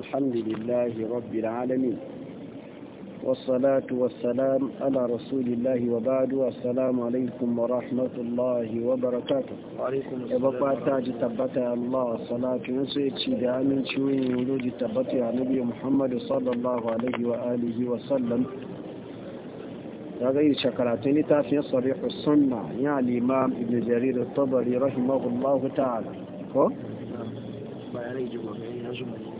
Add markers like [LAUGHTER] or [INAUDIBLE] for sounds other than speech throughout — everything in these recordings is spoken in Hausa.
الحمد لله رب العالمين والصلاة والسلام على رسول الله وبعد والسلام عليكم ورحمة الله وبركاته وعليكم السلام وبقى تاج تبتع الله صلاة نسيتي بأمن شوين ولوج تبتع نبي محمد صلى الله عليه وآله وسلم غير شكراتين تافي صريح السنة يعني إمام ابن جرير الطبري رحمه الله تعالى هو؟ بياني جمعين جمعين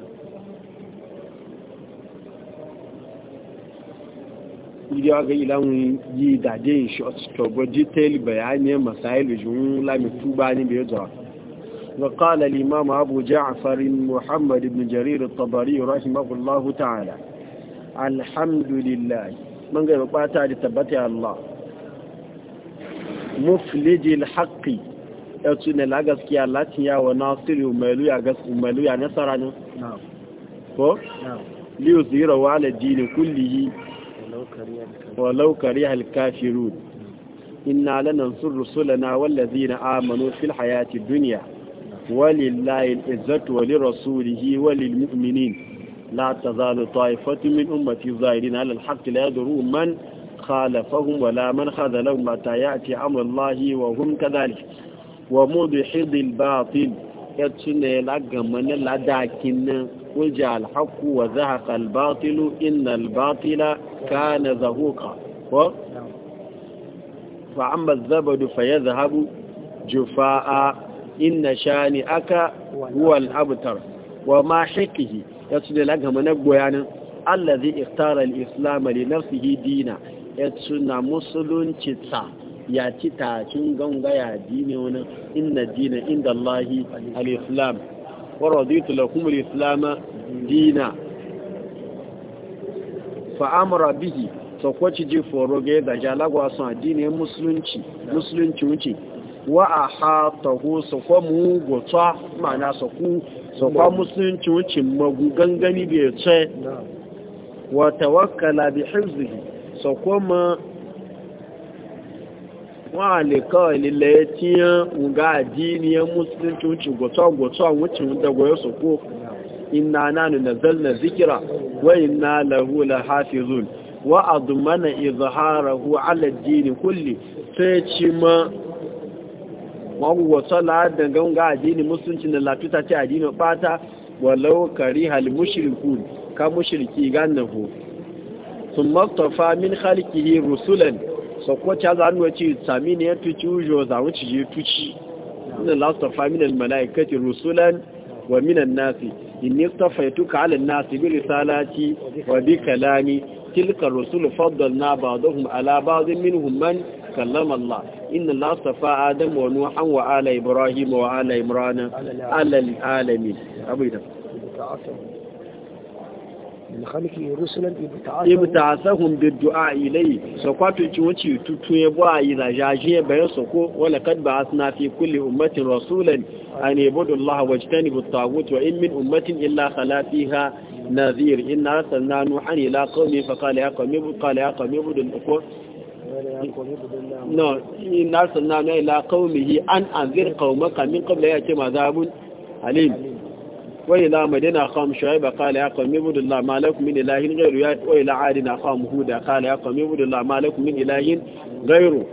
idan ga ilamun yi dade in shi otobo detail bayanai masailu jun lami tuba ni bai zuwa وقال الإمام أبو جعفر محمد بن جرير الطبري رحمه الله تعالى الحمد لله من غير قاطع لتبتع الله مفلج الحق يتسنى لغسكي اللاتيا وناصر يميلو يا نصرانو نعم ليظهره على الدين كله ولو كره الكافرون إنا لننصر رسلنا والذين آمنوا في الحياة الدنيا ولله العزة ولرسوله وللمؤمنين لا تزال طائفة من أمة الظاهرين على الحق لا يدروا من خالفهم ولا من خذلهم متى يأتي أمر الله وهم كذلك ومضحض الباطل يتسنى لقمنا لداكنا وجع الحق وذهق الباطل إن الباطل kana zahuqa ko fa amma zabadu fayadhhabu jufaa inna shani aka huwa al-abtar wa ma hikihi yace da gama na goyanin allazi ikhtara al-islam li nafsihi dina yace na musulunci ta ya ci tacin ganga ya dini wani inna dina inda Allahi al-islam wa raditu lakum al-islam dina ba'amara bihi tsakwaci ji foro ga yadda jalagwa sun addini musulunci musulunci wuce wa a hatahu sakwa mu gota ma'ana sakwa sakwa musulunci wuce magugan gani ce wa tawakkala bi hifzihi sakwa ma wọn a lè kọ́ ilẹ̀ tí ń ga àdí ní musulunci wuce gota gota wuce inna nanu nazzalna zikira wa inna lahu lahafizun wa admana izharahu ala ad-din kulli sai ci ma wawo sala da ganga addini musulunci da latuta ce addini fata walau karihal mushrikun ka mushriki gannahu thumma tafa min khalqihi rusulan sokwace zanuwa ce sami ne ya tuci ujo za wuce je tuci inna la tafa min al malaikati rusulan wa min an nasi inni tafaituka ala nasi bi risalati wa bi kalami tilka rusul faddalna ba'dahum ala ba'dhin minhum man kallama Allah inna Allah safa Adam wa Nuhan wa ala Ibrahim wa ala Imran ala alamin ibtasahum a ilayhi sakwatu ciwuci tutu ya bo ayi rajaje bayan soko wala kad ba'athna fi kulli ummatin rasulan an ibudu allaha wajtanibu at-taghut wa in min ummatin illa khala fiha nadhir inna arsalna nuhan ila qaumi faqala ya qaumi qala ya qaumi ibudu al-ukur no inna arsalna ila qaumihi an anzir min qabla وإلى مدينة قام شعيب قال يا قوم اعبدوا الله ما لكم من إله غيره وإلى عاد قام هود قال يا قوم اعبدوا الله ما لكم من إله غيره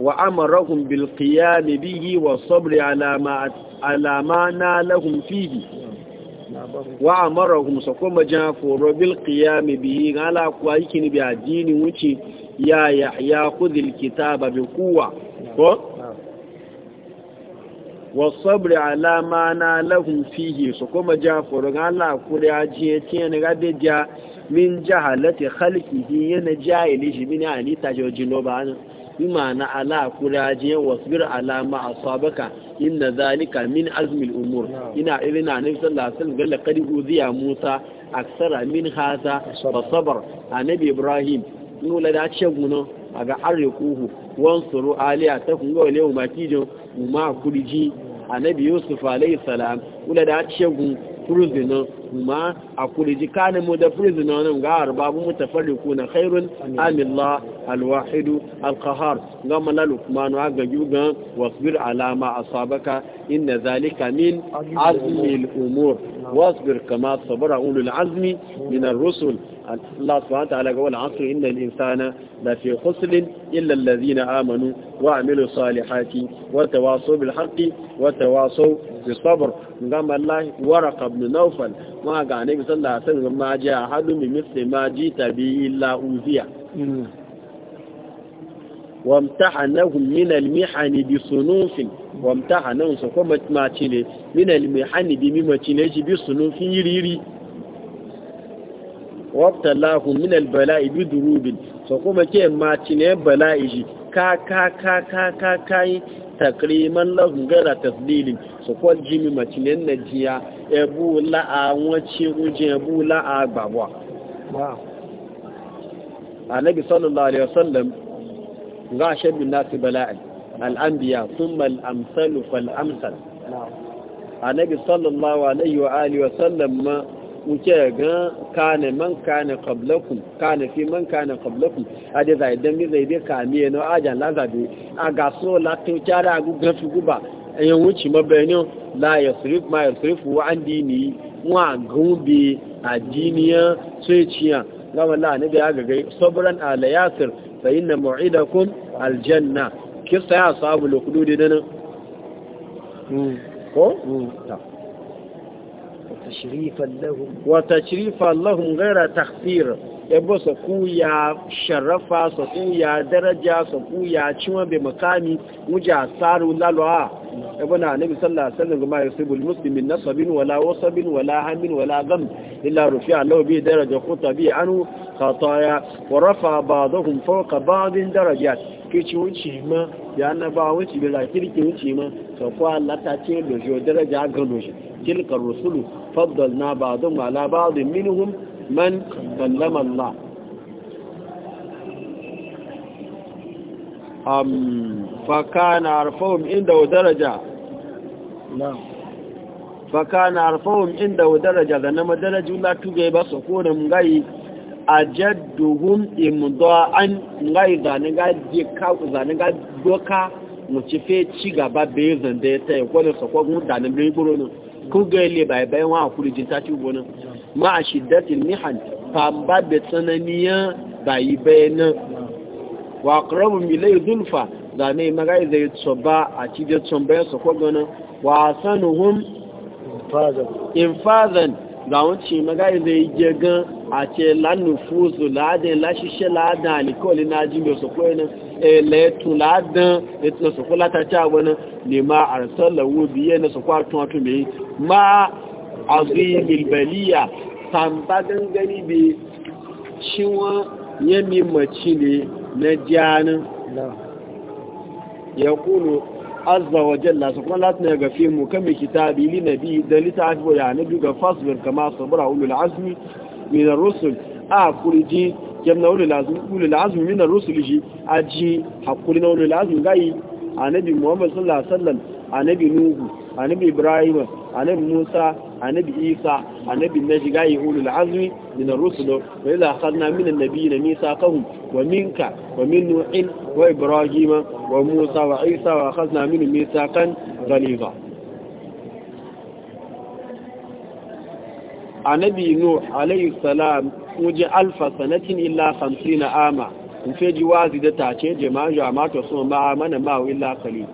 وأمرهم بالقيام به والصبر على ما على ما نالهم فيه وأمرهم سكوما جافور بالقيام به على كوايكين بأدين وشي يا يحيى خذ الكتاب بقوة wasabri alama na lahun fihi su kuma ja furin Allah kuri ajiye tiye ni gabe ja min jahalati khalqihi yana jahili shi bin ali ta jo jino ba nan ima na ala kuri ajiye wasbir alama asabaka inna zalika min azmil umur ina irina nabi sallallahu alaihi wasallam galla qad musa aksara min hasa fa sabar anabi ibrahim nula da ce guno aga arikuhu wansuru aliya ta kun ga wale umakijin umakuri ji annabi yusuf alayhi salam kula da cegun prisoner kuma a kuriji kanin mu da prisoner nan ga arba mu tafarriku na khairun amillah alwahidu alkahar ga mana lukman wa ga yuga wasbir alama sabaka inna zalika min azmi al-umur wasbir kama sabara ulul azmi min rusul Allah subhanahu ta'ala ga wal asr innal insana la fi khusr illa allazina amanu wa amilu salihati wa tawasaw bil haqqi wa tawasaw bis sabr ngam Allah waraq ibn nawfal ma ga annabi sallallahu alaihi wasallam ma ja hadu bi misli ma illa uziya وامتحنهم من المحن بصنوف وامتحنهم سكومت ما من المحن بمما بصنوف يريري wabtalahu min albala'i bi durubin so kuma ke macine bala'i shi ka ka ka ka ka kai takriman lahum gara tasdilin so ko jimi ma macine na jiya ebu la awon ci uje ebu la na wow annabi sallallahu alaihi wasallam ga shabi nasi bala'i al-anbiya thumma al-amsalu fal-amsal annabi sallallahu alaihi wa alihi wasallam ma wuce gan kane man kane qablakum kane fi man kane qablakum ade zai idan mi zai be kame no aja la zabe aga so la to chara agu gan su guba eyan wuce mabe la ya sirif ma sirif wa ni wa gumbi adiniya sai ciya gama la ne ga gai sabran ala yasir fa inna mu'idakum aljanna kisa ya sabu lokudu dinan hmm. ko hmm. ta وتشريفا لهم وتشريفا لهم غير تخفير yabo su ku ya sharafa su ku ya daraja ku ya cima bai makami wuja tsaru lalwa yabo na nabi sallallahu alaihi wasallam ma yusibu muslimin nasabin wala wasabin wala hamin wala gam illa rufi'a law bi daraja khuta bi anu rafa ba'dahum kici wuce ma ya na ba wuce bi la kirki wuce ma sau kwa ta ce dojo daraja ga rusulu faddalna ba'dhum ala ba'd minhum man kallama Allah am fakana arfahum inda daraja na'am fakana inda daraja da nama daraju la tuge ba so ko nan gai ajadduhum imda'an gai da ne za ne ga doka mu ci fe ci gaba be zan da ta yi kwanin sakwagun da ne bai goro ne ko ga ile bai bai wa hakuri jin ta ci gonan ma a shiddatil mihan famba da tsananiya bayi bayanan wa qarabu milay zulfa da ne magai zai tsoba a cije tsombayar su ko gonan wa sanuhum infazan ga wuce magai zai gegan a ce lannufusu ladan lashishe ladan alikoli na jibe su ko yana eletu ladan etu su kula ta ci a gonan ne ma arsalar wubi yana su kwatun wato mai ma azimil baliya tamba gangani be ciwon yami mace ne na jani ya kulu azza wa jalla su kuma latin ga fi mu mai kitabi li biyu da littafi wa ya biyu ga fasbir kama sabura ulul azmi min rusul a kurji yamna ulul azmi ulul azmi min ar-rusul ji aji hakuri na ulul azmi gai nabi muhammad sallallahu alaihi wasallam nabi nuhu annabi ibrahim annabi musa annabi isa annabi naji gayi ulul azmi min ar-rusul wa idha akhadna min an-nabiyyin mithaqahum wa minka wa min nuhin wa ibrahim wa musa wa isa wa akhadna min mithaqan ghaliza annabi nuh alayhi salam muje alfa sanatin illa 50 ama in feji wazi da tace jama'a jama'a to sun ba amana ma illa qalil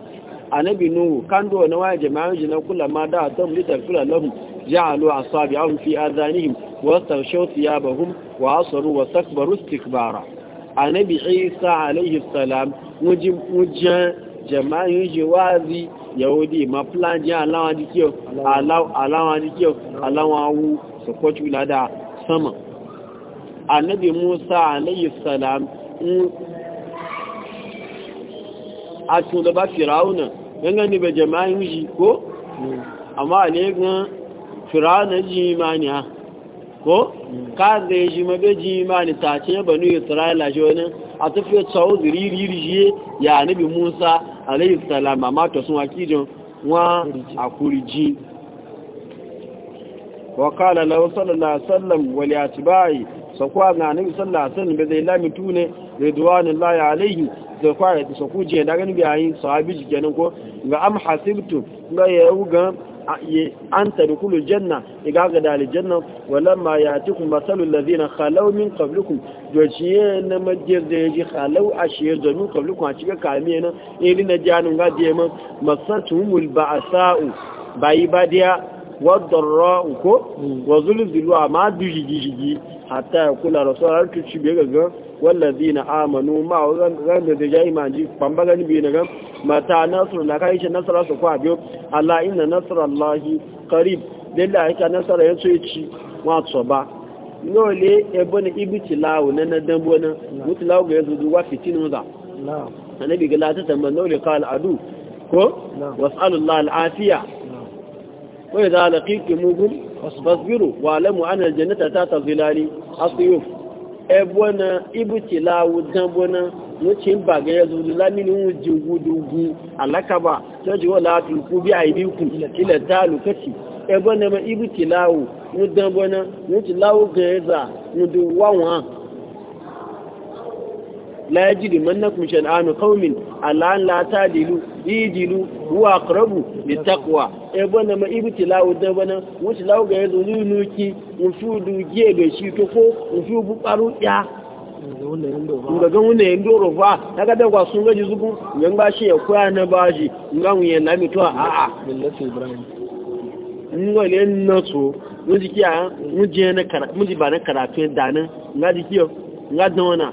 annabi nuhu kan do na waje jama'an jina ma da mu. li tafsira lahum ja'alu asabi'ahum fi adhanihim wa tawshaw thiyabahum wa asaru wa takbaru istikbara annabi isa alayhi salam muji muja jama'an wazi yahudi ma plan ja alawan dikiyo alawan dikiyo alawa wu sokoju lada sama annabi musa alayhi salam a tun da ba firawunan ni ba jama'in shi ko amma ne gan firana ji imani ha ko ka zai shi mabe ji ta ce banu isra'ila shi wani a tafiya tsawo ziririri ya anabi musa alayhi salam amma ta sun a kuriji wa kala lahu sallallahu alaihi wasallam sakwa zai kwara ta saku jiya da ganin biyayi sahabi jike nan ko ga am hasibtu ga ya yi ga an tadkhulu janna iga ga dal janna walamma yatikum masalul ladina khalaw min qablikum dojiye na majir da yaji khalaw ashiye da nu qablikum a cikin kamiye nan irin na janun ga je man ba'sa'u bayi badiya wadarra ko hmm. wa zulzulu amma dujigi jigi hatta ya kula rasul bai ga be wallazi na amanu ma wazan da jayi manji bamba gani na ga. mata nasru na kai shi nasara su kwa biyo Allah inna nasrallahi qarib lillahi ka nasara yaso ci wa tsoba nole ebona lawo na na dambona hmm. lawo ga yazo duwa fitinu za na bi ga la ta tambaye nole qal adu ko was'alullahi al'afiya wai za na kiki mugun wasbasbiru wa ta ta zilali asiyuf e bona ibuti ba ga yazo lamini wujin bi aidi ku ila talukati e bona ma la yajidu mannakum shan'anu qaumin alla la tadilu idilu huwa aqrabu littaqwa e eh, bona ma ibtilau da bona wuti lau ga yazo nunuki ufudu ge da shi to ko ufu bu paru ya nga ga wuna yin doro fa na ga dagwa sun gaji zubu yan ba shi ya koya na baji nga mu yin lami to a a millati ibrahim ngo le nato mu ji kiya mu je na karatu Mun ji ba na karatu da nan nga ji kiyo nga dona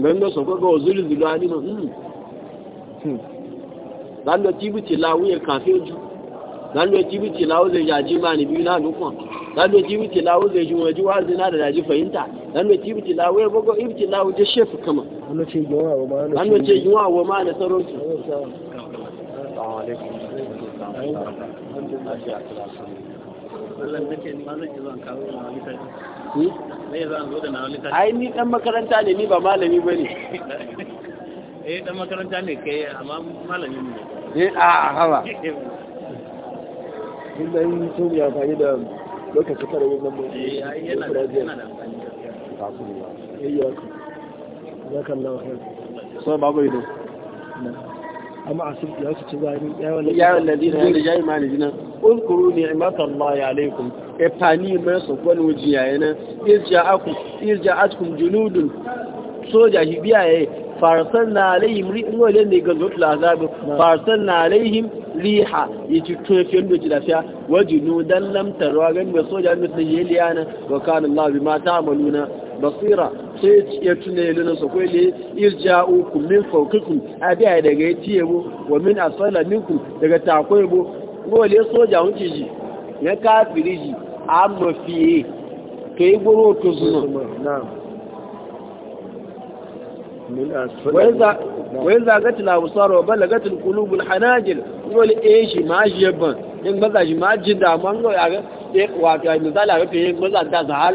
gbẹ̀ngàn sọ̀kọ́ kan òzúlù zùlọ anínú lálọ́ tí bí ti láwú lálọ́ tí bí ti máa nìbí náà lálọ́ tí bí ti wá sí náà dàdájí fẹ̀yìntà lálọ́ tí bí ti láwú yẹ ṣẹ́fù kama lálọ́ tí yìí wọn Mallan Ni? Hmm? Ai ni dan makaranta ne ni ba malami bane. [LAUGHS] Eh dan makaranta ne kai amma malami ne. Eh a haba. Inda yin ya amfani da lokacin yin nan Eh yana da Ba su ne Eh ya. lawa. So babu ido. Na. أما عصبت يا سيدي يا الذين يا إيمان اذكروا نعمة الله عليكم إبتاني ما سكون وجيائنا إذ جاءكم إذ جاءتكم جنود سوجا هبيائي فارسلنا عليهم ريحا ولن يقلقوا العذاب فارسلنا عليهم ريحا يتكتوك يندوك الأفياء وجنودا لم تروا غنوا سوجا مثل يليانا وكان الله بما تعملون بصيرا sai ya tuna ya nuna sakwai ne irja uku min faukukun a biya daga ya tiye wa min asala minku daga takwai bu wale soja hunci ji ya kafiri ji a mafiye ka yi goro to suna wai zagatul abusar obala balagatul qulubul hanajir wale e eh shi ma shi yabban yin maza shi ma jin damuwa ga eh, wato misali a rufe yin maza da zahar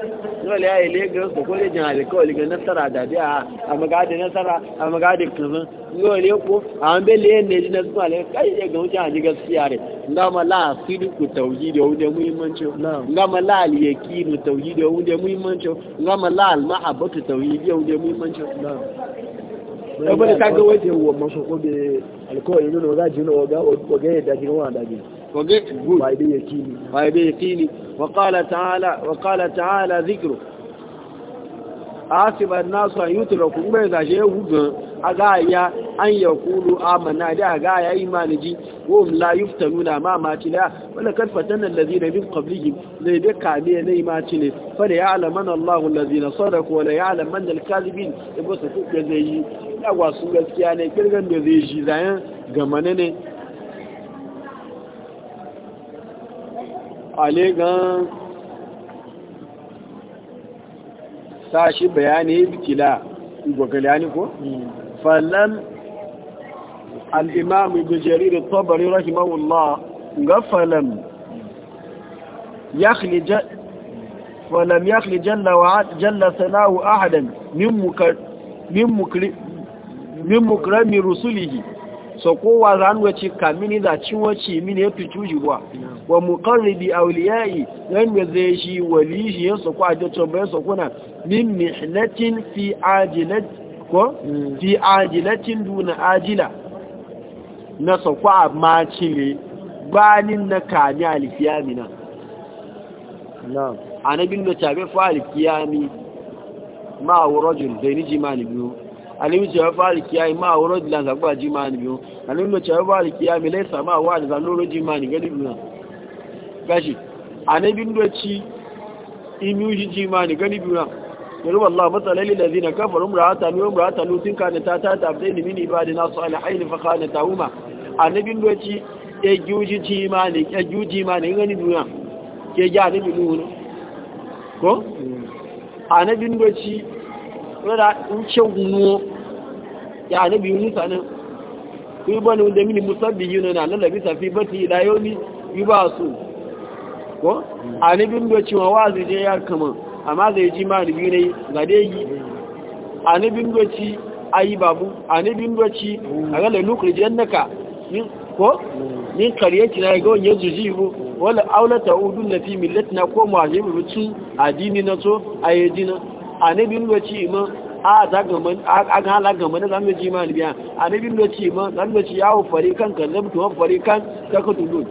dole ya yi lagos da kwale jin alikawali ga nasara da biya a magadi nasara a magadi kazan dole ko a an bele yin ne ji na zuwa lagos kai ne ga wuce a ji gaskiya ne nga ma la sidi ku tauji da wuce muhimmanci nga ma la aliyaki nu tauji da wuce muhimmanci nga ma la almahabbatu tauji da wuce muhimmanci ẹgbẹ́ ká gbé wẹ́ẹ̀dì wọ̀ mọ́ sọ fún alikọ́ yìí nínú ọgá jìnnà ọgá ọgá yẹn dájú wọn àdájú. ọgá gùn wàìdé yẹ kí ni. wàìdé yẹ kí ni wàkàlà tààlà zikiro. asiba nasu an yi ku kuma ya ya hugan a ya an ya kulu amana da a gaya ji wom la yufta nuna ma maci da wadda karfatan nan da zina bin zai da ne na imaci ne fada ya alaman allahu da zina sadaka wadda ya alaman da alkazibin da ba su kuka zai yi agwa sun gaskiya ne kirgan da zai shi zayen gamane ne alegan gan sashi bayani bikila gwagalani ko fallan al'imam ibi jarir tabari rahimahullah ga fallan ya kli يخل جل وعلا جل ثناه أحدا من min mukrami rusulihi so kowa zanuwa ce kamini za ciwace mini ya fi cujiwa wa muqarribi awliyai wanda zai shi wali shi ya sako a jacce bayan sakuna min mihnatin fi ajilat ko mm. fi ajilatin duna ajila na sako a macile banin na kami alifiyami na anabin da tabe fa alifiyami ma wurajul zai ni jimani biyo. alimu cewa fari kiyaye ma wuro dilan zagba jimani biyu alimu cewa fari kiyaye mi laisa ma wa da zanuro jimani bi duna gashi anabin doci inu shi jimani gani duna yaro Allah matsalai lillazina kafaru murata ni murata lutin kana ta ta ta abdai ni min ibadina salihin fa kana tauma anabin doci ya juji jimani ya juji jimani gani duna ke ja ne bi ko hmm. anabin doci rada in ce gumo ya annabi yunus anan ku bani da mini musabbi yunus na lalabi fi bati ila yomi su ko annabin da cewa wazi je ya kama amma zai ji ma rubi ne ga dai yi annabin da ci ayi babu annabin da ci a ga lukul jannaka ko ni min karyaci na ga wani yanzu ku wala aulata udun na fi millatina ko mu ajibu rutu addini na so ayyajina annabin da ci imam a ta gama a ga hala gama na zamu ji ma biya annabin lokaci ma zan lokaci yawo farikan kazabtu wa farikan takatulun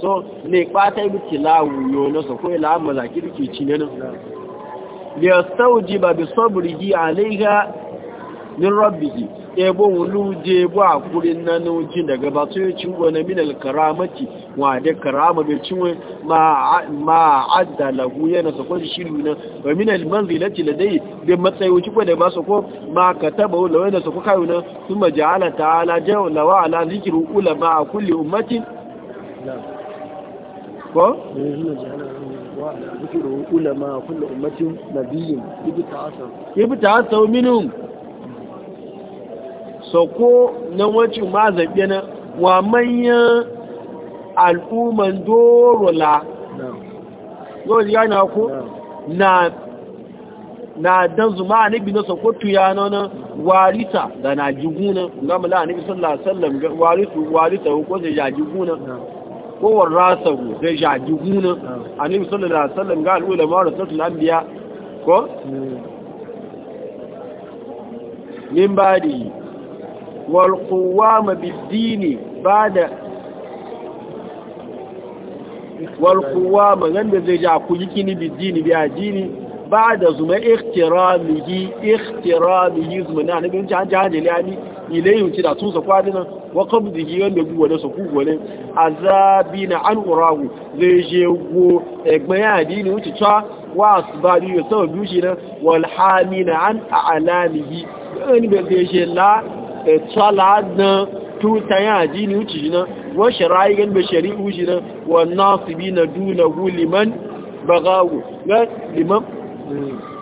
so ne kwata ibi tilawu yo na so ko ila amma zakirki ci ne nan li yastawjiba bi a alayha min rabbihi ebo wuluje bo a kurin nan jin daga ba su yi wani minal karamati wa da karama bai cinwe ma adda lagu yana su kwanci shiru na ba minal manzilati da dai da matsayi wuci kwa da ba su ko ma ka taba wula wanda su kuka na sun ma ja'ala ala jawala wa ala zikiru ula ma a kulle ummatin ko? zikiru ula ma a kulle ummatin nabiyin sako na wancin ma zaɓe na wa manyan al'umman dorola yau ya na ku na na dan zuma a nabi na sokoto na nana warita da na jiguna ga mala a nabi sallallahu alaihi warita ko da jajiguna kowar ko warasa da jajiguna a nabi sallallahu ga al'ula ga al'ulama lambiya ko min yi. والقوام بالدين بعد والقوام عند زيجا كويكني بالدين بياديني بعد زما اخترامه اخترامه زمنا نبي عن جان يعني إليه يمشي دا تونسا قادنا وقبضه wanda guwa da saku gole azabina an urahu zai je go egbe ya dini wuce cha wa asbari yusau bishi na wal ani be zai je la tsala na tuta ya ji ni wuce shi nan wa shari'a gan ba shari'u shi nan wa nasibi na duna liman bagawo ga liman hmm.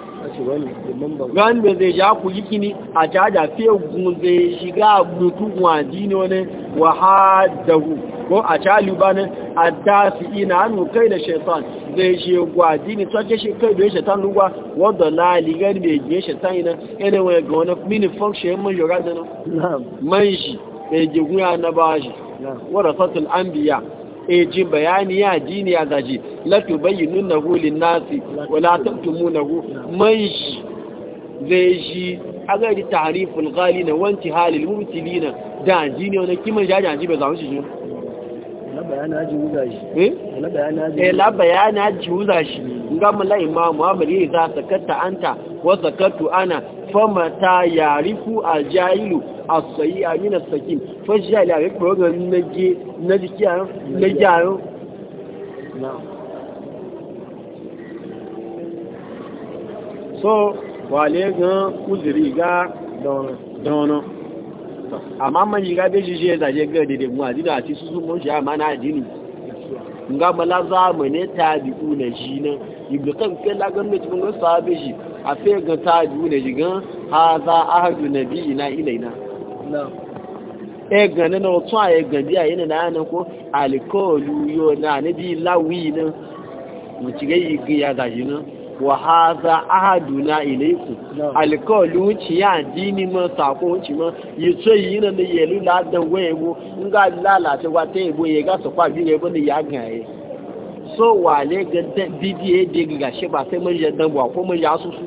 ran da zai ja ku yiki ni a jada fiye gun zai shiga mutu wadi ne wani wahadahu ko a cali ba ne a dasi ina hannu kai da shaitan zai shi gwadi ne tsoke shi kai da shaitan lugwa wadda laligar mai gye shaitan ina ina wani ga wani mini function man yoga da na man shi da ya gegun na ba shi wadda fatul an biya eji eh, bayani ya ji ne ya zaji latu bayi na hulin nasi wala tattumu na hu man shi zai shi gari tarifin gali na wanci halil mutili na da ji ne wani kiman jaji ji bai zama shi shi la bayana ji huza shi eh? eh, ga mala imamu amari za sakata anta wa sakatu ana famata ya rifu a jahilu a sayi a nina sakin fashi jahili a rikin na jikiyayen na gyaran so wale gan uziri ga dauna amma manyi ga beji ya zaje ga dede mu a ati susu mun shi ma na adini nga mu ne tabi'u na jina nan ibn kan kai la ga mutum ga sahabe a sai ga ta juna jigan ha za a hajju na biyu na ilaina e gane na otu a ya gabi a yana na yana ko alikolu yo na ne bi lawi na mu ci ga ya gaji na wa ha za a hajju na ilaiku alikolu ci ya dini ma sako ci ma yi tso yi na na yelu la dan wa ebo in ga lalace wa ta ebo ya ga sokwa biyu ebo ne ya gaye so wale ga bidiye da ga shi ba sai mun yadda ba ko mun ya susu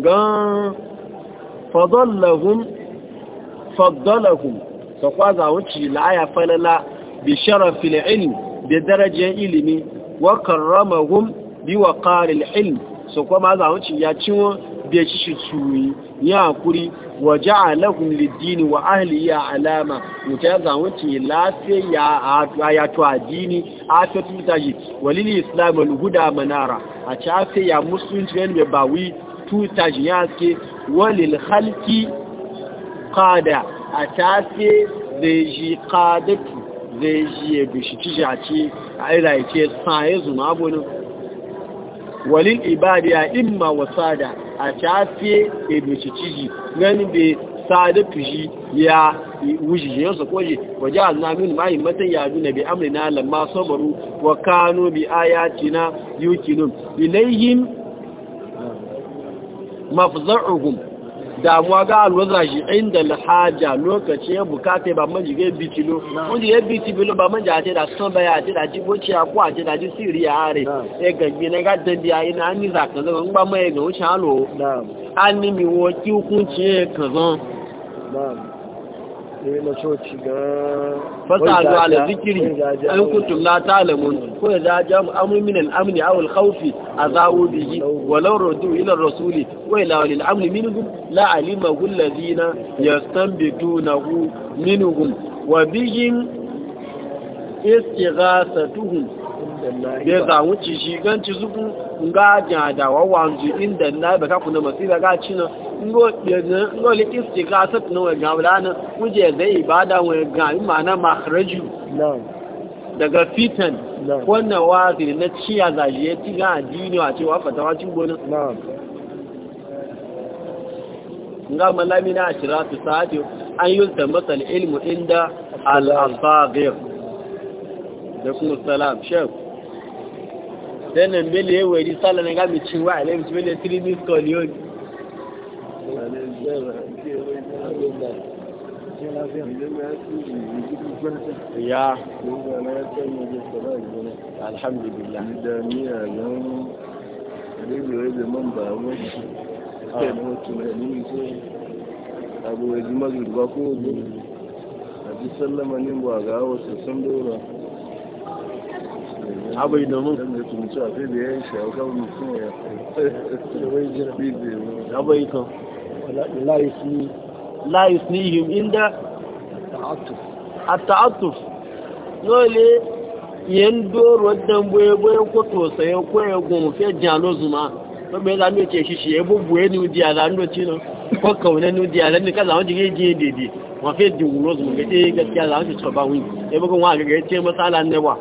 gan fadallahum fadallahum ta kwaza wuce la'aya falala bi sharafin ilm bi darajar ilimi wa karramahum bi wa ƙarin ilm su kuma za wuce ya ci ciwo da shi suyi ya kuri wa ja'alahum lid-dini wa ahli ya alama mutaya za wuce lafiya a ya to addini a ta tutaji walil islam al-huda manara a ta ya musulunci ne ba wi tuta shi ya ce walil halki kada a tafe zai ji kadatu zai ji ya bishi cishaci a irake saye zuma abunin walil a imma wasada a tafe ya bishi ciji gani bai sada shi ya wuji yansu koje waje annamin mai matan yadu na bi amrina lamma sabaru wa kanu bi ayatina yukinun ilayhim mafza'uhum damuwa ga alwaza shi inda alhaja lokaci ya bukata ba man jige bitilo wanda ya bitilo ba man jate da sun baya ce da jiboci a kuwa ce da ji a are ya e gaggi na ga dandi a ina an ni zaka zama in ba mai ga wuce halo an ni mi wo ki hukunci ya kazan Eh, fasa zuwa da zikiri an kuntum la talamun ko ya za ja amrin min al-amni aw al-khawfi azawu bihi walau rudu ila ar-rasuli wa ila wal amri minhum la alima alladhina yastanbitunahu minhum wa bihim istighathatuhum da za ci shi ganci zuku nga jadawa wanzu inda na ba ka kuna masira ga cina na yanzu ngo le istiga sat no ga wala kuje da ibada wa ma na makaraju daga fitan wannan wazi na ciya zaje ci ga addini wa cewa wa cin gona nga malami na ashiratu sa'ati an yulta masal ilmu inda al-asagir da kuma salam shekku tẹ́lẹ̀ mẹ́lẹ̀ ẹ̀wọ̀ ẹ̀dí sálẹ̀ nígbà mi ti wá ẹ̀lẹ́mi ti mẹ́lẹ̀ tírí ní sọ̀lì òní. Ya. Alhamdulillah. Ah. Hmm. Abu Ejima Gidwa ko Abi sallama ne ba ga wasu sun dora. abai da mun da tunci a sai da ya yi a mutum ya wai jirbi zai abai kan la yusnihim inda at-ta'attuf doro boye boye fe jalo zuma to me la me e bubu di ala ndo chino ko kauna ni di ala ni kaza wajin je je de wa fe di wuro ga e gaskiya la so ba e wa ga ga ce masala ne wa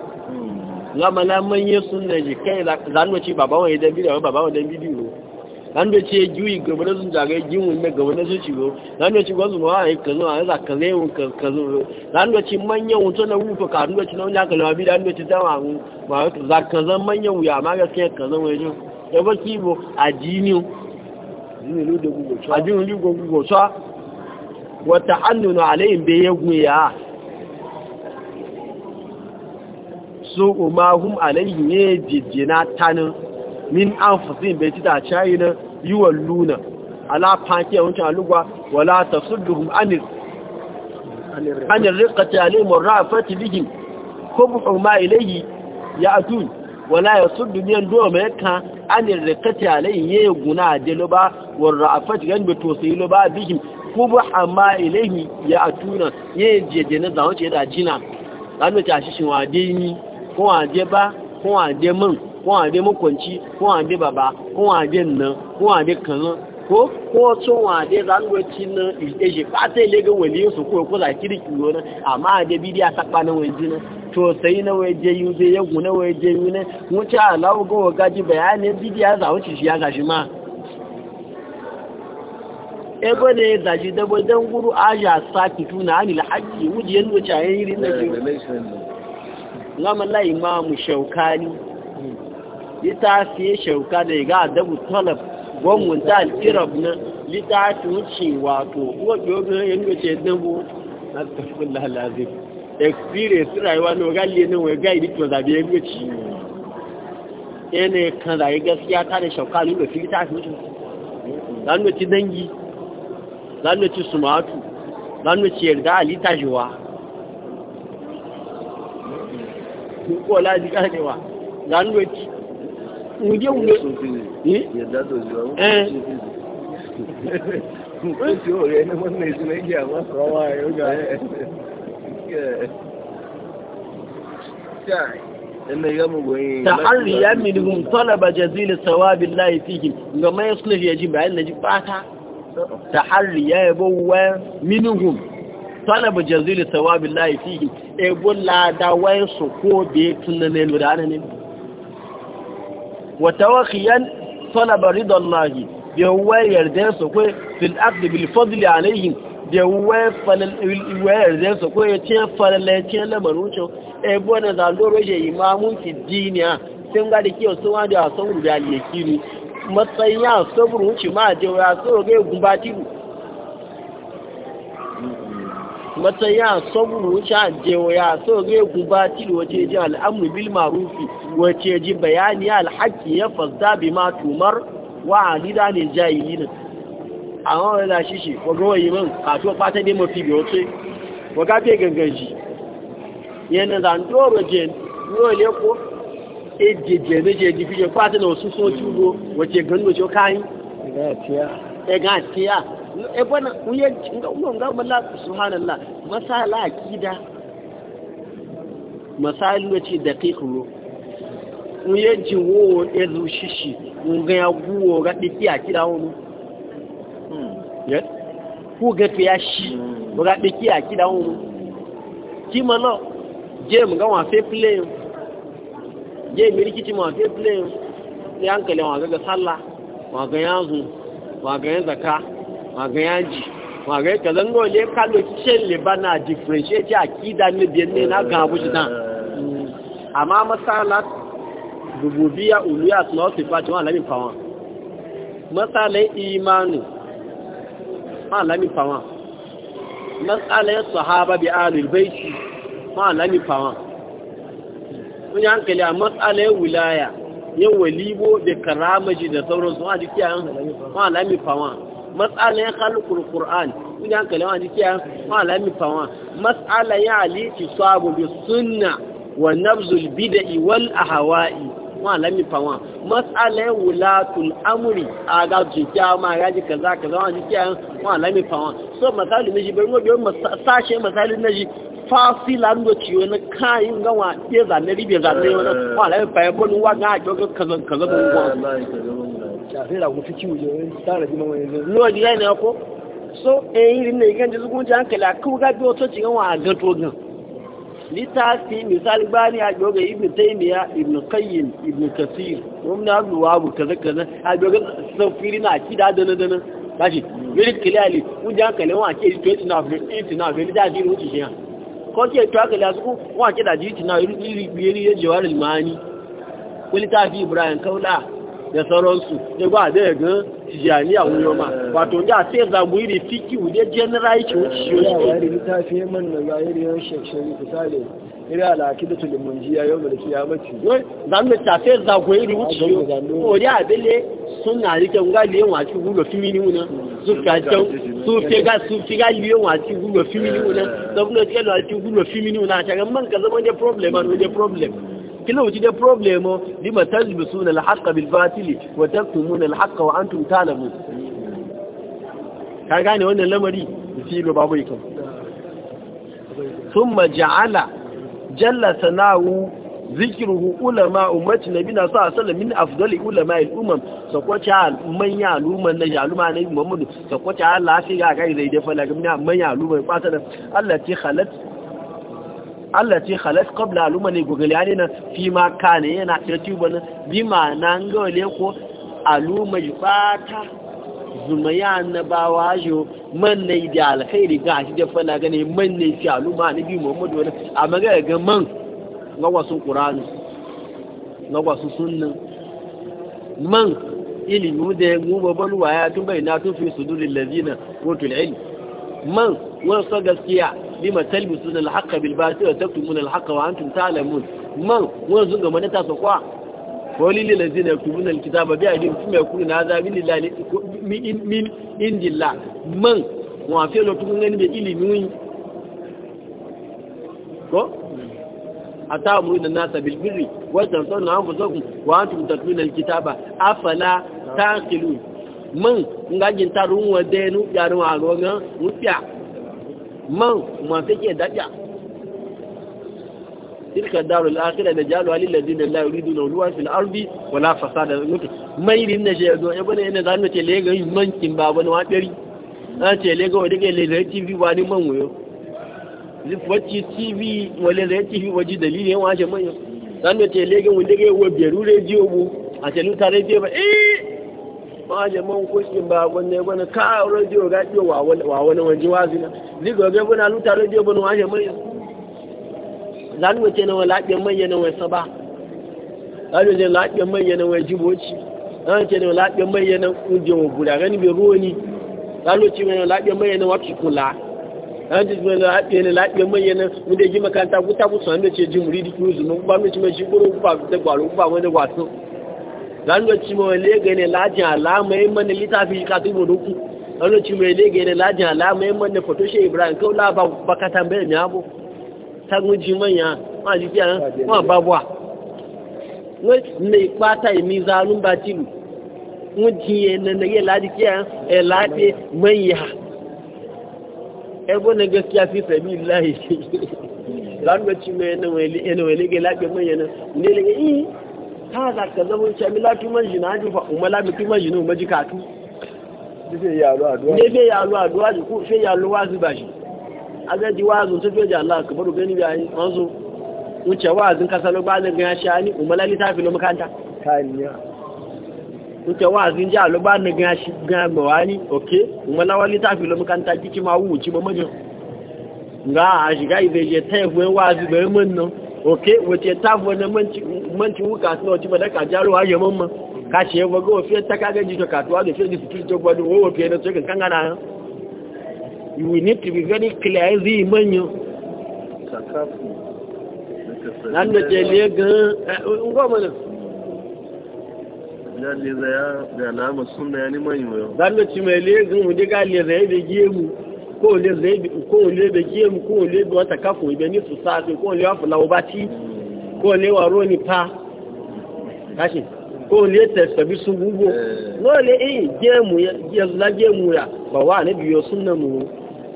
gama na manye sunna ji kai zanu ci baba wani dan bidiyo ba wani dan bidiyo zanu ci juyi gaba da sun jaga jinwun na gaba da sun ci zanuwa ce gwazu ma ai kazo a za ka zai ka kazo zanuwa ce manyan wuto na wuto ka zanuwa ce na wani aka lawa bidiyo zanuwa ce dama mu ma za ka zan manyan wuya ma ga gaskiya ka zan wani ya ba kibo a jiniyo a jiniyo gugu so wata hannun alayhim bai ya guya su'u ma hum alaihi ne jijjina tanin min bai ci da cayi na yi wa luna ala fanki a wancan alugwa wala tafsudduhum anir anir riqati alaihim rafati wala anir guna ba rafati gan ba da shi wa ko waje ba ko waje min ko waje makwanci ko waje baba ko waje nan ko waje kanan ko ko tun waje zangoci nan ko za na waje nan to sai na waje yi zai yagu na waje yi ne wuce alawu gowa gaji bayanin ya gashi ma ebe ne da shi dabo don guru aja sa fituna anil haƙi wujiyar wuce a iri rinna ke lamala imamu shaukani littafiye shauka da ga adabu talab gwamnata al'irab na littafin ce wato wadda yau yanzu ce dubu na tafi lalazi experience rayuwa na wagali ne wai ga idito zabe yanzu ci yana kan rayu gaskiya ta da shauka ne da fili tafi su zanuci dangi zanuci sumatu zanuci yarda alita jiwa kó ọlá di káàdì wa lánú etí ǹdí òwúlé ta'arri ya minhum talaba jazil thawabi llahi fihi ga mai sulhi fata ya minhum talaba jazili thawabin lahi fihi ebo lada wayansu ko be tunanin lura ne. wa tawakhiyan talaba ridan lahi bi huwa yarda su ko fil aqd bil fadli alayhi bi huwa falal huwa yarda su ko yace falalace lamarucho ebo na zaloro je imamun fi diniya sun ga da kiyo sun wada sun gudaliyaki ne matsayin ya saburu wuce ma jawo ya so ga gumbatiru mata ya sabu wuce ajewa ya so zai gubatir wace ji al'amru bil marufi wace ji bayani alhaki ya fasda bi ma tumar wa alida ne a amma wani da shi shi wa gawayi min kato fata ne mafi bi wace wa gafe gangaji yana zan doro je dole ko eje je ne je ji je fata na wasu so tugo wace gando ce kayan ga tiya ga tiya ebona eh, uyanci nga nga mala subhanallah masala akida masalu yace daqiqu ji wo ezu shishi nga ya guwo ga diki akida wono hmm. yes ku ga to ya shi ga diki akida wono kima no je mu ga wa fe play je mi ti ma fe play ya an kale wa ga sallah wa ga yanzu wa ga zakka magayaji magai ka zango ne kallo kishin libana differentiate akida ne ne na gabu shi dan eh. amma masala rububiya uluya na su fa tun alamin fawa masala imani ma alamin fawa masala bi alul baiti ma alamin fawa kun hankali a masala wilaya yin walibo da karamaji da sauransu ma jikiya matsala ya halukul qur'an in an kalama ji kiya mi fawa masala ya ali ti sabu bi sunna wa nabzul bid'i wal ahwa'i ma la mi fawa masala ya wulatul amri aga ji kiya ma ga ji kaza kaza ma ji kiya malami fawa so misali ne ji bar ngobe sashe misali ne ji fasila ndo ci kai ngawa gawa ɗaya zane ribe zane la mi fawa ko wa ga ga kaza kaza mun eh, àfihàn àwọn fíkì wòye wọn sára bí wọn yẹn lọ́wọ́ di yana náà kọ́ so ẹ̀yìn rí nìkan jẹ́ sókún jẹ́ àǹkẹ̀lẹ̀ àkíwúgá bí wọ́n tó ti wọn àgán tó gan lítàsí misali bá ní àjọyọ̀ ibi tẹ́yìnìyà ibn kayyim ibn kasir wọn ní àgbò wa bù kẹsẹkẹsẹ àjọyọ̀ sọfiri náà kí dá dánadáná láti very clearly wọn jẹ́ àǹkẹ̀lẹ̀ wọn àti èyí tó ti náà fi náà fi lítàsí ìlú ti ṣe hàn kọ́ sí ètò àǹkẹ̀lẹ̀ àsìkò wọn àti èdàjì ti náà ìrírí ìgbéyẹrí yẹ jẹ̀wárì máa ní wọ́n lítàsí ibrahim kaula da sauransu ya ba da ya gan tijani a wuyo ma wato da sai zagu iri fiki wuje general ki wuce shi yau ya ri ta fi man na ga iri yan shekshari misali iri alaki da tulimin jiya yau da kiyamaci zan da ta sai zagu iri wuce yau ko ya bele suna rike nga le wọn àti wúlò fún mi ní wọn zùkà jẹun sùfẹ́gà sùfẹ́gà lé wọn àti wúlò fún mi ní wọn sọfúnà tí kẹlọ àti wúlò fún mi ní wọn àtàkà mọ́ nǹkan sọ́mọ́ jẹ́ problem àti wọ́n jẹ́ problem kila wuce dai problemo lima talbisu na alhaqa bil batili wa taktumuna alhaqa wa antum talamun ka gane wannan lamari filo babu ikan thumma ja'ala jalla sanahu zikiruhu ulama ummati nabi na sa sallam min afdali ulama al umam sakwacha manya aluman na ya jaluma na muhammadu sakwacha Allah sai ga kai zai dafa la gamna manya aluman fata Allah ti khalat Allah ce halas qabla aluma ne gogale ne na fi ma kane yana tarti bana bi ma nan gole ko aluma fata zumaya annabawa jo man ne da alkhairi ga shi da fana gane man ne shi aluma ne bi Muhammadu wala amma ga ga man ga wasu Qur'ani ga wasu sunna man ilimu da ya gubo balwa ya tun bai na tun fi suduril ladina qutul ilm man wasu gaskiya bima talbisu na alhaka bilbasi wa taktumun alhaka wa antum ta'lamun man wasu ga manata su kwa wani lilazi na yaktubun ba biya adin kuma yakunu na azabi lillahi min indilla man wa fi lokacin gani ilimi ilimin ko ata mu da nasa bilbirri wa tansawna anfusakum wa antum tatluna alkitaba afala taqilun man nga jinta ruwa denu ya ruwa ruwa mutiya man masu ke daja tilka darul akhirah da jalu alil ladina la yuriduna ulwa fil ardi wala fasada nuke mai rin da jedo e bane ina zanu ce lega yin mankin baba na wadari ce lega wa dake lega tv ba ni man zifwaci tv wale lega tv waji man zanu ce a ce ba eh maje man kuskin ba gwanne gwanne ka radio ga iyo wa wani waje wazi na ni ga ga bana luta radio bana waje mai zan wace na wala ɗin mai yana wai saba zan je la ɗin mai yana wai jiboci zan ce na la ɗin mai yana kuje wa gura gani bai ruwani zan ce mai la ɗin mai yana wa kula zan ce mai la yana la ɗin mai yana mu da ji makanta ku ta ku san da ce jimuri di ku zuma ba mu ci mai shi goro ku ba da gwaro ku ba mu da gwato randoci mai lega ne lajin alama yin mana littafi ka tubu ruku randoci mai lega ne lajin alama yin mana fotoshe ibrahim kau la ba baka tambayar ne abu ta guji manya ma ji fiya ma babuwa ne kwata imi zarun ba tilu guji ye na na ye laji kiya e lafi manya ebo na gaskiya fi sabi lahi randoci mai yana wele lega lafi manya na ne lega ta za ka zama ce mi latu man jina ji fa umma la mi man jinu ma ji katu fe yalo aduwa ne fe yalo aduwa ji ko fe yalo wazi ba shi aga ji wazo to fe Allah ka baro gani bi ayi wanzo wuce wazin ka salo ba ne ga shani umma la litafi lo makanta kanya wuce wazin ji alo ba ne ga shi ga ni, okay umma la litafi lo makanta kiki ma wuci ba majin nga a shiga ibe je ta yi wa ba yi mun nan okay wace ta fi wani manci mancin wuka suna wacce da ka jaro har yaman ka ce wafiya ta kagan jito katuwa da fiye da su kirce wa wafiya na cikin kan gana need to be very clear zai manyo nan da ke ne yi zan da ci mu mu ko ko wata kafin ibe ni su kó lè wà rónì pa káṣì kó lè tẹ̀sẹ̀ bí sún gbogbo eh. náà lè èyí jẹ́mùyà jẹ́mùyà bà wà níbi yóò sún náà mú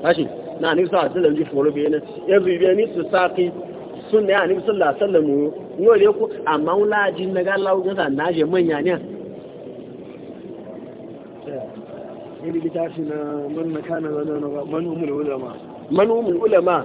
káṣì náà ní sáà sílẹ̀ jù fòrò bí ẹni ẹbí ibi ẹni sọ sáàkì sún náà ní sílẹ̀ sílẹ̀ mú náà lè kó sà náà yẹ mọ́ ìyàn na man makana ulama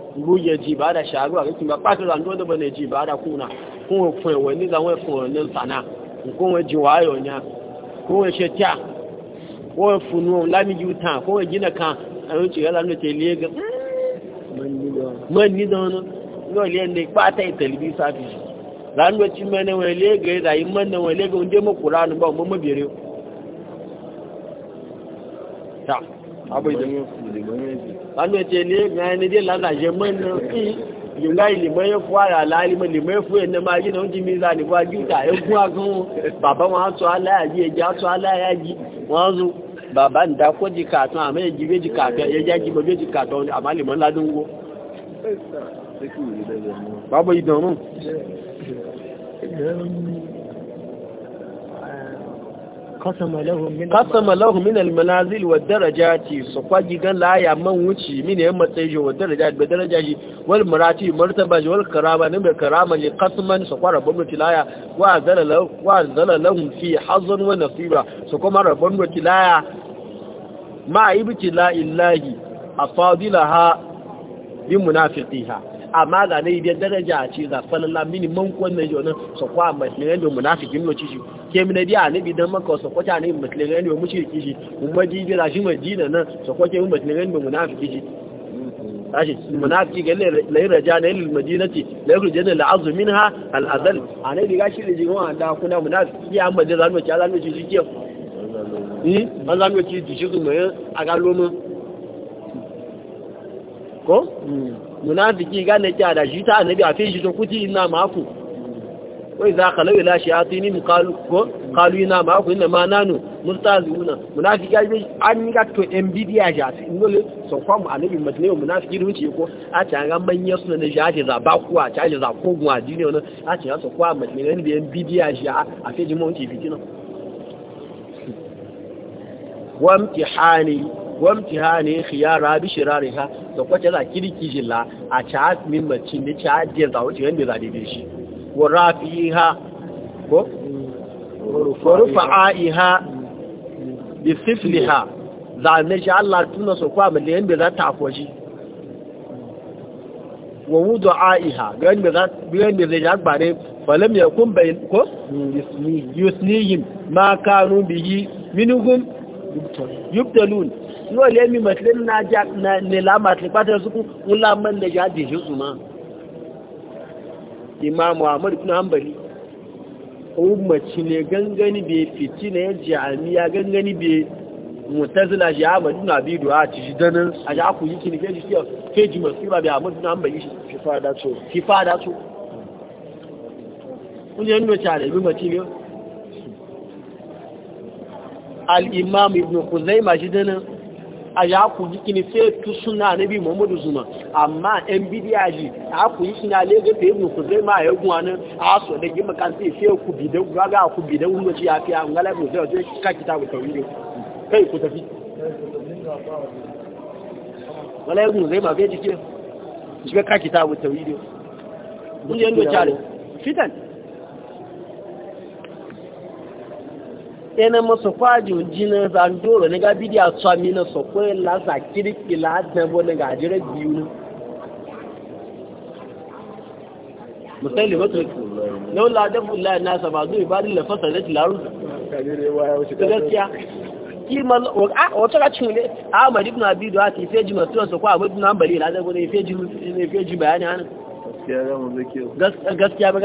buye ji ba da sharu a rikin ba pati zan dole ba ne ji ba da kuna kun fun ewe ni zan fun ewe ni sana kun we ji wayo nya kun we she tia kun we funu lami ju tan kun we gina kan a yau ce yala ne te liye ga man ni don no liye da yi man ne we liye ga unde mu da ne ne lánàá ti ẹni ẹgbẹ́ ẹni dé lánàá yẹ mọ́ kí yìnbá ìlìmọ́ yẹn fún ara láàrín ìlìmọ́ fún ẹni máa yìí náà ń jí mi ra nìkan agíta ẹkún agún bàbá wọn aṣọ aláyàjí ẹjẹ aṣọ aláyàjí wọn rú bàbá ń dákọ́ di kàtàn àmọ́ ẹjì méjì kàtàn ẹjẹ́ ajímọ méjì kàtàn àmọ́ ìlìmọ́ ládùn wó. bàbá ìdánwò. kasama lahu min almanazil wa darajati su kwaji gan laya man wuce min yan matsayi wa darajati ba darajaji wal marati martaba wal karama ne mai karama ne kasman su kwara babu tilaya wa zalala wa zalala fi hazan wa nasiba su kuma rabon tilaya ma ibtila illahi afadilaha bi munafiqiha amma ga ne da daraja ce za falalla mini man kwanan yau nan su kwa musulmi da munafikin lo cishi ke mina biya ne bidan maka su kwata ne mu da mushriki shi ma jibi da shi na nan su kwake musulmi da munafiki shi tashi munafiki ga lai raja na ilil madinati lai rujja la la'azu minha al'azal a nai riga shi da jigon da kuna munafiki ya amma da zanuwa ci a ci shi kiyo ni hmm? an zanuwa ci shi su mai a galo mu ko hmm. munafiki gane ki da shi ta annabi a fi shi to kuti ina maku wai za ka lawila shi atini mu kalu ko ina maku ina ma nanu mustazuna munafiki ai an ga to embidia ja fi ngole so kwa mace ne matne munafiki dun ci ko a ta ga manya suna ne a ta ba ku a ta ja ko gun adini wannan a ta so kwa matne ne da embidia ja a fi ji mun ci fitina wa imtihani wamtihani khiyara bi shirariha da kwace za kirki jilla a cha min mace ne cha je za wuce yanda za dide shi wa rafiha ko rufa'iha bi sifliha za ne sha Allah tuna so kwa mun yanda za ta akwaji wa wudu'iha ga yanda za yanda zai ja gbare falam yakun bayin ko yusnihim ma kanu bihi minhum yubtalun yóò lé mi mẹ̀tílé nílá màtílé pátẹ́ sókún ńlá mẹ́lẹ̀ yá dèjì sùn máa imamu ahmad ibn hanbali umarci ne gangani bai fiti na ya jami'a gangani bai mutazila shi ahmad ibn shi al-imam ibn khuzaimah a ya ku jiki sai tu suna bi muhammadu zuma amma yan bidiya ji a ku yi suna lega ta ibn ku zai ma ya guwa nan a so da gima kan sai sai ku don gaga ku bi don wuce ya fi an gala ku zai ka ta wuce wuce kai ku tafi wala zai ma bai jike shi mun fitan ene masu kwaji jini zandoro na gabi da mi na sokwai lasa kirki latin wani gajira biyu ne misali matrix yau ladabu la nasa ba zuwa ba dila fasa da tilaru ta gaskiya kiman wata kacin ne ahmad ibn abidu e e a ti feji kwa na ne feji ya gaskiya ba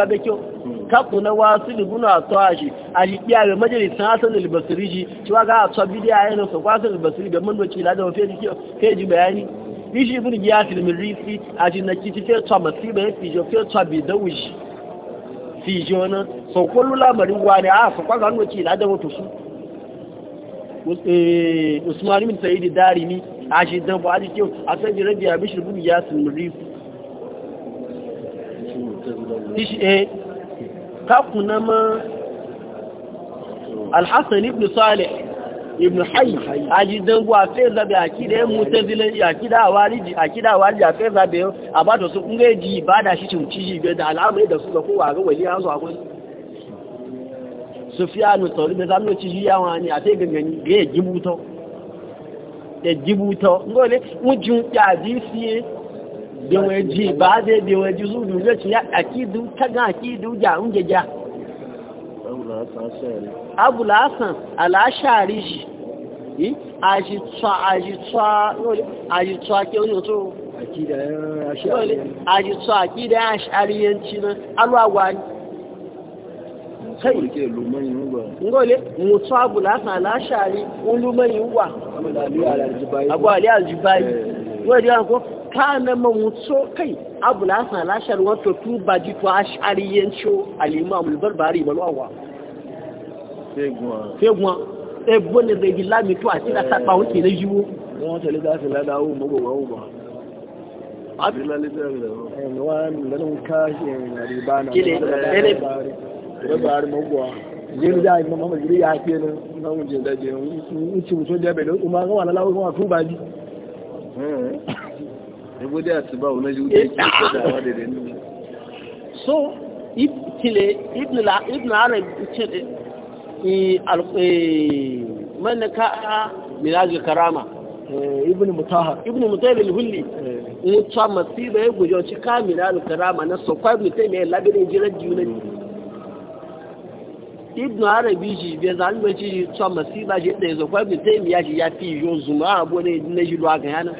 kaku na wasu libuna a tsawa shi a liɓiya ga majalisun hasan albasiri shi cewa ga a tsawa bidiya yana sa kwasan albasiri ga mun doki ladan fe ji bayani ishi ibn giyas al-mirisi a jin naki ti fe tsawa masiba ya fijo fe tsawa bidawu shi fijo na sau kullu lamarin wani a ah, sa kwasan da ladan wato su eh, usman ibn sa'id darimi a shi dan ba a jikin a san jirabi a bishir ibn giyas al-mirisi kakuna ma alhassan ibn salih ibn ajidan zabe akida akida a fai zabe a ba ta su ji ba da shi cimci ji da al'amari da ga wali yanzu akwai da ci ji yawa ne a fai ga ya gibuto ya gibuto ngole ya bí wọ́n jí ìbáadé bí wọ́n jí zúdù ló ti yá àkídú tágán àkídú jà ń jẹjà abùlásàn aláṣàárí yìí àṣìtọ́ àṣìtọ́ àṣìtọ́ akéwọ́n tó àṣìtọ́ àkídá àṣàríyànci náà alúwàwà ní ngole mutu abùlásàn aláṣàárí olúmọ̀yìn wa? abúlé àjùbáyì wọ́n dí àkókò kana mawuso kai abu lasa lashar wato tuba ji to ashariyanco al'imamul barbari balwawa feguwa ebo ne zai gila mito a cikin sapa wuce na jiwo don wata lita fi lada awu magogwa awu ba a fi lalita da ba wani ganin kashi riba na barbari magogwa jini da ake mamma jiri ya ke nan na wujin da jini wuce mutum da bai da umar gawa lalawa gawa tuba ji Ebo dai atba'u na jude da da ni. la ibn Arab ibtile i al man ka milaj karama eh, ibn mutahar ibn mutahar al-hulli mutsa masiba ya gujo ci kamila al-karama na sokwa ibn taymiya labirin jiran junani ibn arabi shi bai zan ba ci tsa masiba shi da sokwa ibn taymiya shi ya fi yo zuma abu ne na shi lo yana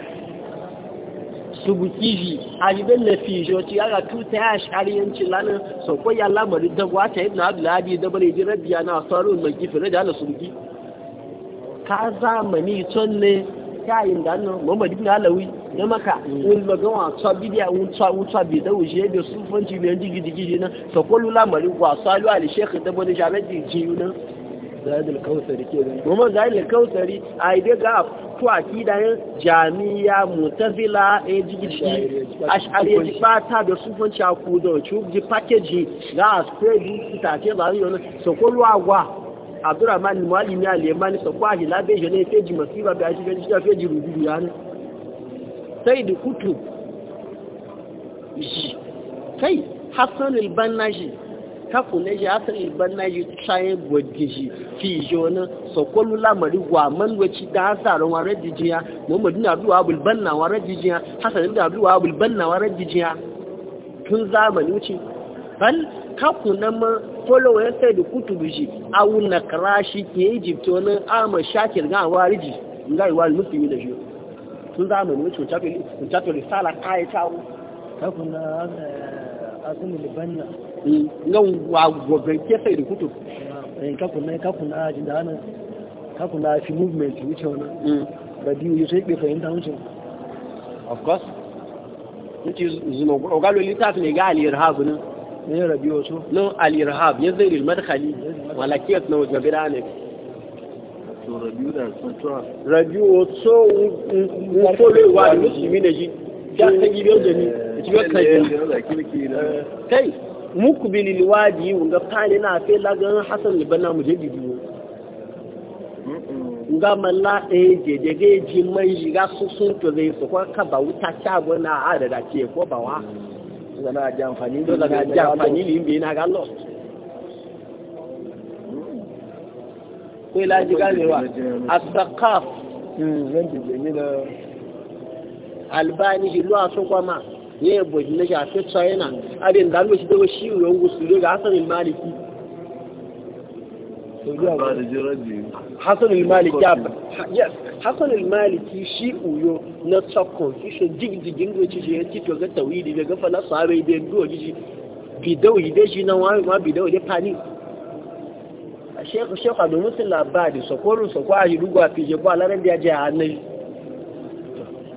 subukiji alibin na fijo ci yaga tuta ya shariyanci lana saukon ya lamari dagwa ta yi na abdullabi da bane ji rabbiya na sauran mai gifin da ala subuki ka zamani ton ne ta yi da nan muhammad ibn alawi na maka wani magawa ta bidiya wuta wuta bai da wuce da sufanci mai jigi jigi na saukon lamari wasa lu ali shekhi da bane jami'ai jiyu nan zahidul kausari ke zai kuma zahidul kausari a ide ga to akidayen jami'a mutazila a jigiji ashari fata da sufan chaku da chuji package ga spread kita ke ba yi ona sokolu agwa abdurrahman muallim ya leman sokwahi labe je ne feji masiba ga shi gaji da feji rubutu yana sai da kutu kai hassan al-bannaji kafu ne ji asali iban na yi tsaye gwajishi fi ije wani sokolu lamari wa manwaci da hasa ran wa rajijiya muhammadu na abu abulban na wa rajijiya da abduwa abulban na wa rajijiya tun zamani wuce bal kafu na ma kolo ya sai da kutubu shi awu na karashi ke egypt wani amur shakir ga wariji ga musulmi da shi tun zamani wuce wuce wuce wuce wuce wuce wuce wuce wuce wuce wuce wuce wuce asim libanna ngan wa gobe ke sai rukutu in ka kuna ka kuna da nan ka kuna fi movement wuce wannan da biyu ya sai fahimta wuce. of course yace zuma ogalo litaf ne ga al-irhab ne ne rabi wasu no al-irhab yazir al-madkhali walakiyat no jabirane to rabiu da santuwa Rabi wasu un folo wa musulmi ne ji ta gibe eh, eh, eh, da ni kai muku bi lilwaji ga kale na fe lagan hasan libana na je i nga malla e je de ge ji mai shiga susun to zai su ko ka ba wuta ta gona a da da ke ko ba wa mm. zana ji amfani da zana ji amfani na ga lost ko ila ji ganewa as-saqaf mm zan ji ne da albani shi luwa sun kwama ne ya boji na shafi china abin da alwashi dawa shi yiwuwa gusuru ga hasan ilmaliki hasan ilmaliki hasan ilmaliki shi uyo na tsakon kishin jigjigin goci shi ya tito ga tawidi da ga abai da bai duwa gishi bidawi dai shi na wani ma bidawi dai fani a shekwa domin sun labari sokorin sokwa a yi rugwa fi jekwa larar da ya je a hannun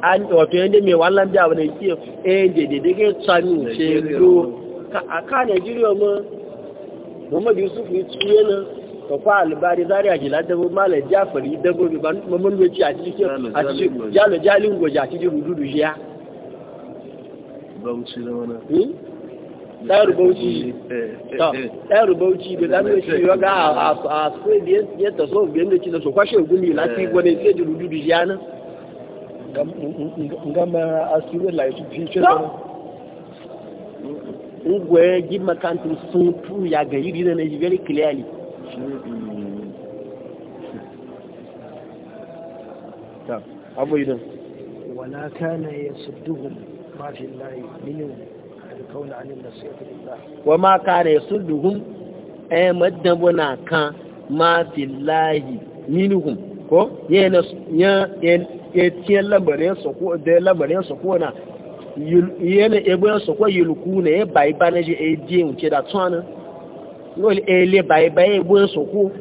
an wato yadda mai wallan da wani ke eh da da dake tsami ce do a ka Nigeria mu Muhammad Yusuf ne tsuye na ka fa albari zari a jila da malam Jafari da gobe ban mun lokaci a cikin a cikin jalo jalin goja ci jiru dudu jiya Bauchi da mana Ɗayar Bauchi, ɗayar Bauchi da zami shi yaga a sai da yadda so biyan da ci da so kwashe gumi lati gwani sai jiru dudu jiya nan. ngama asiwe la fice da ngwe gi makantin sun tu ya gari na ne very ta abu idan wala kana ma fi llahi minhum alqawla an nasiyati lillah wa ma kana ay eh, kan ma fi ko ya tiyan lamarin soko da soko na yana ebe soko yulku na ya bayi ba na je a je nke da tuwanin lori ele bayi bayi ebe soko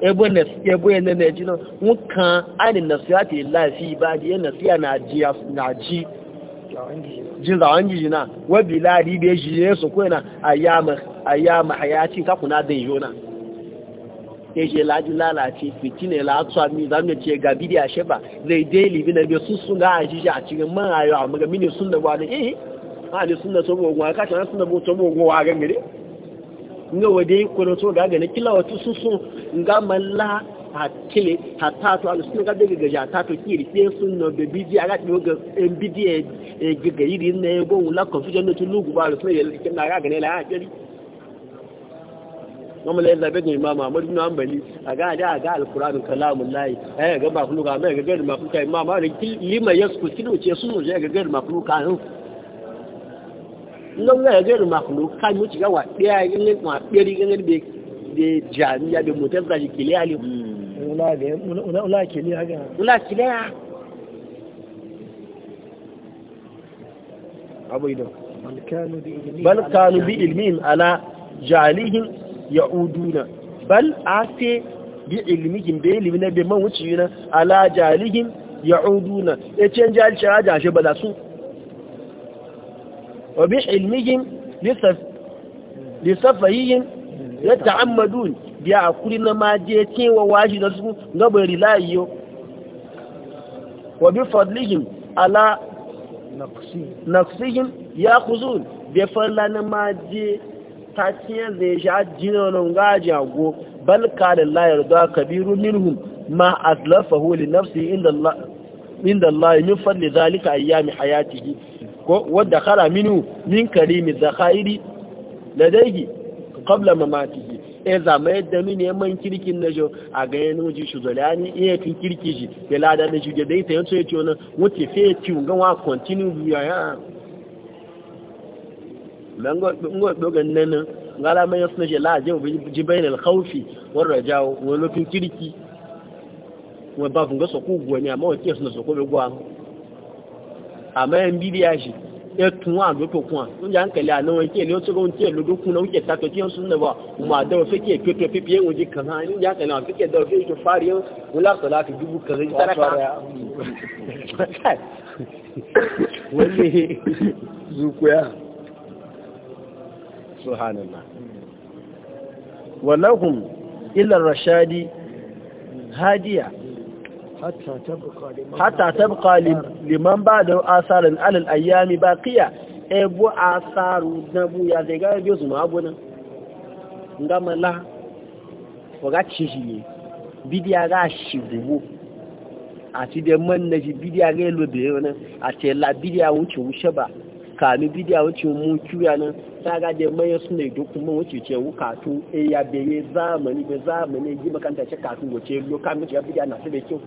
ebe na ebe na ji na nwokan na siya ta lafi ba da yana siya na ji na ji jin na wabi lari ya na ayyama hayati kakuna da na ya ce laji lalace fitina la mi za mu ce ga bidiya ba zai dai libi na biyu sun ga a shi a cikin man ayo amma ga mini eh ha ne ka ta sunna bo wa ga ngire ko so ga ga ne kila wato susu nga malla hakile hatta to al ga daga ja ta to kiri sai sunna be bidiya ga to ga en e, e, e ga yiri ne go la confusion no to lugu ba ya kin na ga ne la kiri wọ́n lẹ́yìn lábẹ́gbẹ̀ ìmáàmù àmọ́ a ga àgáàdé ga alukuraanu kalamun láì ẹ̀ gẹ́gbà ba lùkà mẹ́rin gẹ́gẹ́ ìmà fúnkà ìmáàmù àrẹ kí lima yẹ sùkù sínú ìṣe súnmù jẹ́ gẹ́gẹ́ ìmà fún lùkà hàn. lọ́wọ́ gẹ́gẹ́ ìmà fún lùkà mi ó ti gáwà pẹ́ẹ́ ayẹyẹ wọn pẹ́ẹ́rì gẹ́gẹ́ bí de jà ní abẹ́ mọ̀tẹ́sà yìí kìlẹ̀ àlẹ́. wọ́n kìlẹ̀ yà. bal kanu bi ilmin ala jalihim ya'uduna bal ate bi ilmihim bi na bi man wuce yana ala jalihim ya'uduna ya ce jalci ya jashe ba da su wa bi ilmihim li safahiyin ya ta'ammadun biya a kuri na maje cewa washi da su gabar rilayiyo wa bi fadlihim ala naqsihim ya khuzun bi farla na je ta ciyar da ya sha jina nan ga jago bal kana la yarda kabiru minhum ma aslafahu li nafsi inda Allah inda Allah min zalika ayyami hayatihi ko wadda khara minu min karimi zakhairi ladayhi qabla mamatihi e zama yadda mini ya man kirkin na jo a ga yanu ji shi zola ni iya tun kirki shi ya da da shi da dai ta yanzu ya ce wani wuce fe ci ga wa continue ya ya ɗogon nan ngala mai yasu na shi la'ajin wa ji bayan alkhaufi wadda jawo wani lofin kirki wani bafin ga soko guwa ne amma wakil suna soko bai guwa amma yan bidiya shi ya tunwa a zoto kuwa wani ya hankali a nan wani ke lewa tsoron ke lodo kuna wuke ta toki yansu na ba ma da wasu ke fito fifi yin waje kan hannun ya kana wasu ke da wasu ke fari yin wula salatu dubu kan zai saraka wani [LAUGHS] zukuya subhanallah walahum illa rashadi hadiya hatta tabqa liman ba'da asarin alal ayyami baqiya ebu asaru nabu ya zai gaya biyo su magunan ngama la waga cishiri bidiya ga shi gugu àti man na ji bidiya ga rẹ̀ lóbìnrin náà àti A bídíà wọn ti wuce bá kàmí bídíà wọn ti mú kíríà ta gaje mai su ne duk kuma wuce ce wukatu e ya beye zamani be zamani yi makanta ce katu wace lokal mutu ya bidiya na su da kyau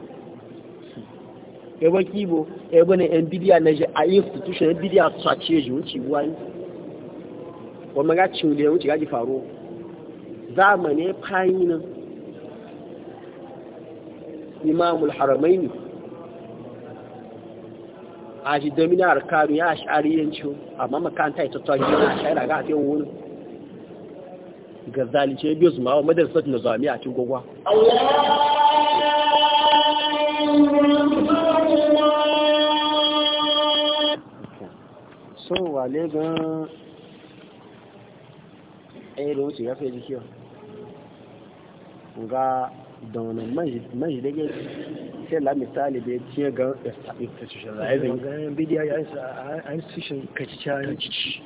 ewa kibo ewa ne en bidiya na je a institution en bidiya ce ji wuce wani wa ga ciwule wuce gaji faro zamani fayi imamul haramaini E a shi domina arkanu ya shari'anci amma makanta ita ta gina shaira ga afiyan wurin ga zalice biyu su mawa madarsa na zami a cikin gwagwa so wale ga ɗaya da wuce ya fi jikiyar ga daunan mai daga ce la misali da ya ce ga institutionalizing bidiya ya institution kacici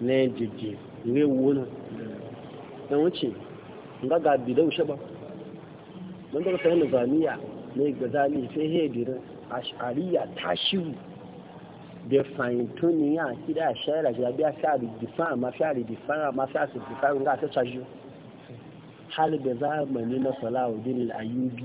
ne jirgin ne wuna don wuce ga ga bidau shaba nizamiya ne ga zami sai hedirin ta shiru da ya kida a shayara biya ma ma ga ta da zamani na salawu din ayubi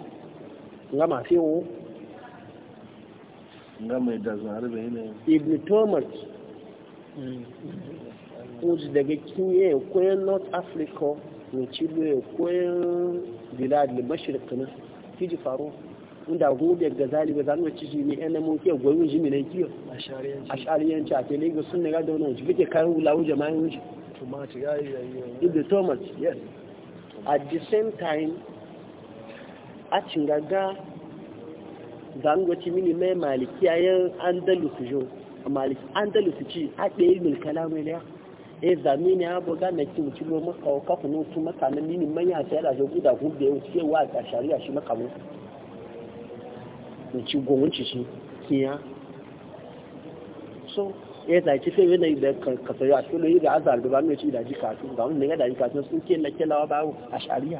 nga mafiwo nga mai da zarbe ne ibn thomas kuzi hmm. daga kinye kwayan north africa mai cibo ya koyan bilad da mashirka na fiji faru inda gobe ga zalibai zanuwa ciki ne yan namun kiyar gwamnin jimi na kiyo a shari'anci a tele ga sun naga da wani wuce fike kayan wula wuce mayan wuce ibn thomas yes at the same time a cingaga zangoci mini mai maliki yayin andalus jo maliki andalus ci a ɗaya yi kalamu ne e ne ya buga na cin wuce lo maka o kafu no tu maka na mini manya sai da jo guda gudu ya wuce wa ga shari'a shi maka mu ci go wuci shi kiya so e da ki sai wani da ka sai a shi yi da azar da ba mai ci da ji ka tu ga mun ne da ji ka tu sun ke na kelawa ba a shari'a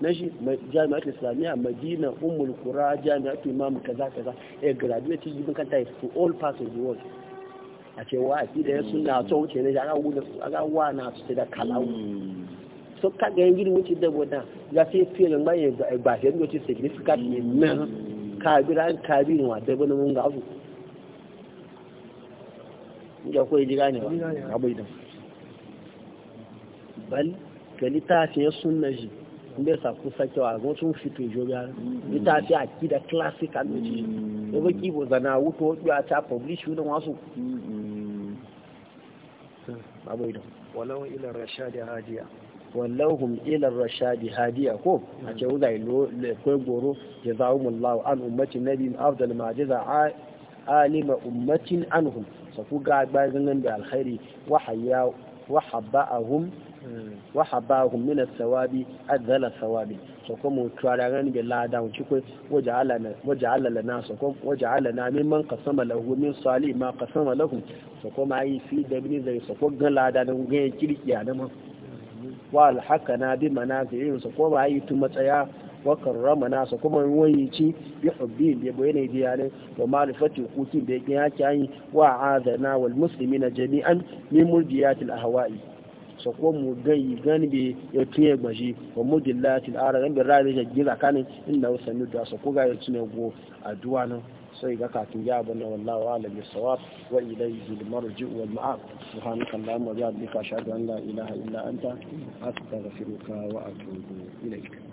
na shi jami'at islamiyya madina umul kura jami'at imam kaza kaza a graduate giving kanta to all parts of the world a ce wa aki da yasu na to wuce ne da wa na su da kalawu. so ka ga yin gidi wuce da boda ga sai fiye ma ya ba shi wuce significant ne na kabira kabirin wa da bana mun ga abu ya koyi ji gane ba abai da bal ga littafin sunna ji ilé ìsàkóso kí àwọn tó ń fìtò ìjọba níta fi àkídà classic àlòjì lọ́wọ́ kí ìbò zànà àwùjọ ojú àti àpọ̀blíṣì ó náà wọ́n sùn. bàbá ìdàn. wọ́lọ́hùn rashadi hadiya. wọ́lọ́hùn ilẹ̀ rashadi hadiya kó àti ìwúzà goro ẹ̀kọ́ ìgboro jazawumullahu an ummati ma jaza alima ummatin anhum safu ga agbayin ganin da alkhairi wa wa habahum min as-sawabi adzala sawabi so ko mu tuara ran bi lada mu ci ko waja'ala waja'ala lana so ko waja'ala na mimman qasama lahu min salih ma qasama lahu so ko ma yi fi da bin zai so ko ga lada da ga kirkiya da ma wa alhaqana bi manafi'in so ko ma yi tu matsaya wa karrama nasa kuma wani ci bi hubbi bi bayani diyane wa ma'rifati hukuki da yake yake yi wa azana wal muslimina jami'an min murjiyatil ahwa'i sako mu gani gani be ya tuye gbaji wa mudillatil ara ran bi rabi da gira kanin inna usami da so ko ga ya tune go addu'a nan sai ga kafin ya bana wallahu alam bisawab wa ilayhi almarji wal ma'ab subhanaka allahumma wa bihamdika ashhadu an la ilaha illa anta astaghfiruka wa atubu ilayk